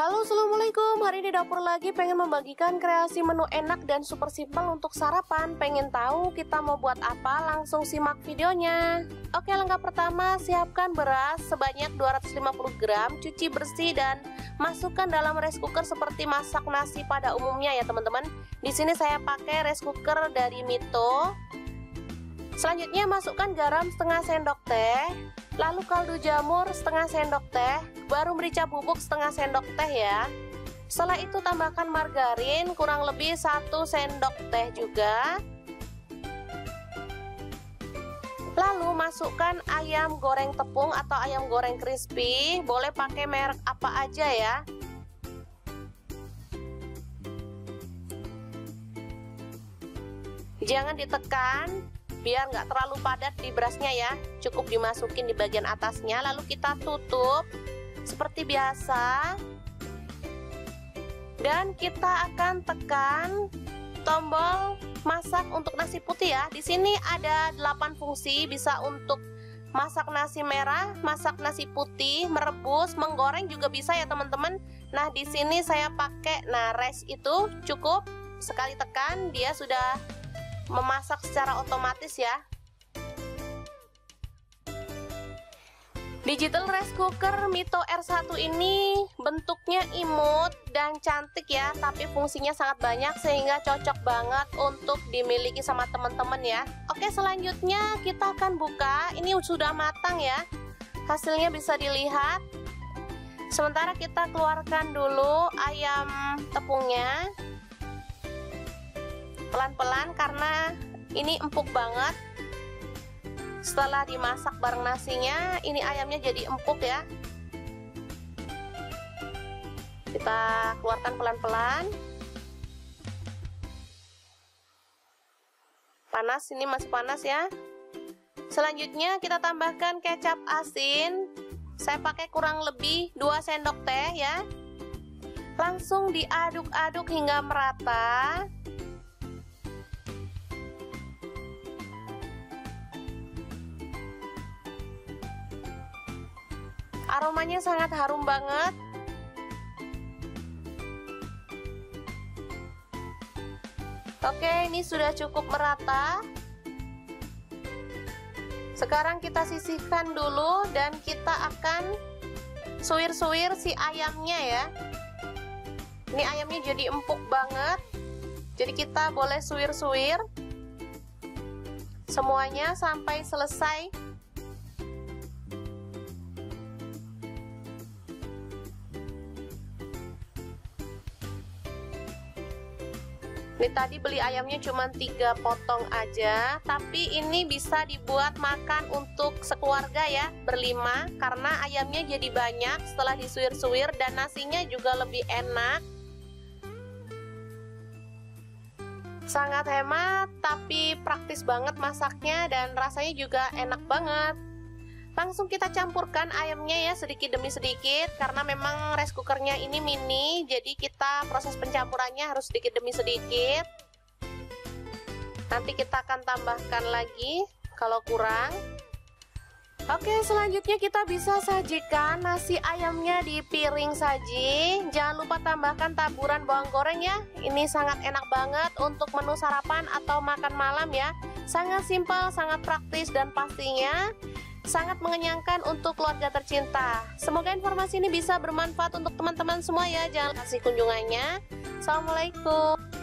Halo Assalamualaikum, hari di dapur lagi pengen membagikan kreasi menu enak dan super simpel untuk sarapan Pengen tahu kita mau buat apa? Langsung simak videonya Oke langkah pertama, siapkan beras sebanyak 250 gram, cuci bersih dan masukkan dalam rice cooker seperti masak nasi pada umumnya ya teman-teman Di sini saya pakai rice cooker dari Mito Selanjutnya masukkan garam setengah sendok teh Lalu kaldu jamur setengah sendok teh, baru merica bubuk setengah sendok teh ya. Setelah itu tambahkan margarin kurang lebih 1 sendok teh juga. Lalu masukkan ayam goreng tepung atau ayam goreng crispy, boleh pakai merek apa aja ya. Jangan ditekan, biar nggak terlalu padat di berasnya ya cukup dimasukin di bagian atasnya lalu kita tutup seperti biasa dan kita akan tekan tombol masak untuk nasi putih ya di sini ada 8 fungsi bisa untuk masak nasi merah, masak nasi putih, merebus, menggoreng juga bisa ya teman-teman. Nah di sini saya pakai, nah rice itu cukup sekali tekan dia sudah memasak secara otomatis ya Digital rice cooker Mito R1 ini bentuknya imut dan cantik ya Tapi fungsinya sangat banyak sehingga cocok banget untuk dimiliki sama teman-teman ya Oke selanjutnya kita akan buka Ini sudah matang ya Hasilnya bisa dilihat Sementara kita keluarkan dulu ayam tepungnya pelan-pelan karena ini empuk banget setelah dimasak bareng nasinya ini ayamnya jadi empuk ya kita keluarkan pelan-pelan panas ini masih panas ya selanjutnya kita tambahkan kecap asin saya pakai kurang lebih 2 sendok teh ya langsung diaduk-aduk hingga merata Aromanya sangat harum banget. Oke, ini sudah cukup merata. Sekarang kita sisihkan dulu dan kita akan suwir-suwir si ayamnya ya. Ini ayamnya jadi empuk banget. Jadi kita boleh suwir-suwir semuanya sampai selesai Ini tadi beli ayamnya cuma tiga potong aja, tapi ini bisa dibuat makan untuk sekeluarga ya, berlima, karena ayamnya jadi banyak setelah disuir-suir dan nasinya juga lebih enak. Sangat hemat, tapi praktis banget masaknya dan rasanya juga enak banget langsung kita campurkan ayamnya ya sedikit demi sedikit karena memang rice cookernya ini mini jadi kita proses pencampurannya harus sedikit demi sedikit nanti kita akan tambahkan lagi kalau kurang Oke selanjutnya kita bisa sajikan nasi ayamnya di piring saji Jangan lupa tambahkan taburan bawang goreng ya Ini sangat enak banget untuk menu sarapan atau makan malam ya Sangat simpel, sangat praktis dan pastinya sangat mengenyangkan untuk keluarga tercinta. Semoga informasi ini bisa bermanfaat untuk teman-teman semua ya. Jangan kasih kunjungannya. Assalamualaikum.